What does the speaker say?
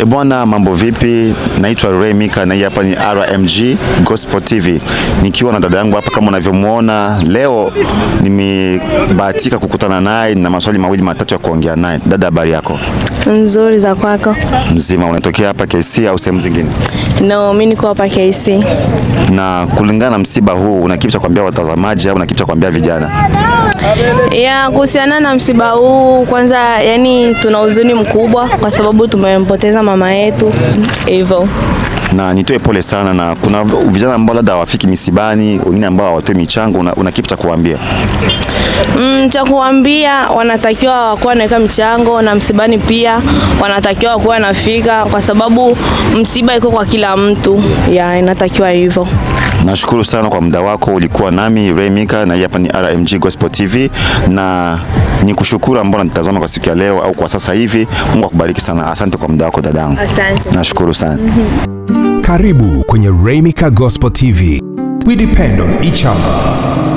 E bwana, mambo vipi? Naitwa Ray Mika na hii hapa ni RMG Gospel TV, nikiwa na dada yangu hapa kama unavyomwona. Leo nimebahatika kukutana naye na maswali mawili matatu ya kuongea naye. Dada, habari yako? Nzuri, za kwako? Mzima. Unatokea hapa KC au sehemu zingine? No, mimi niko hapa KC na kulingana na msiba huu, una kipi cha kuambia watazamaji au una kitu cha kuambia vijana? Ya kuhusiana na msiba huu, kwanza yani tuna huzuni mkubwa kwa sababu tumempoteza mama yetu hivyo na nitoe pole sana, na kuna vijana ambao labda hawafiki misibani, wengine ambao hawatoi michango. Una, una kipi cha kuambia? Mm, cha kuambia wanatakiwa wakuwa naweka michango na msibani pia wanatakiwa wakuwa wanafika, kwa sababu msiba iko kwa kila mtu ya inatakiwa hivyo. Nashukuru sana kwa muda wako, ulikuwa nami Remika na hii hapa ni RMG Gospel TV, na ni kushukuru ambao nanitazama kwa siku ya leo au kwa sasa hivi. Mungu akubariki sana, asante kwa muda wako dadangu, asante. Nashukuru sana mm -hmm. Karibu kwenye Remika Gospel TV. We depend on each other.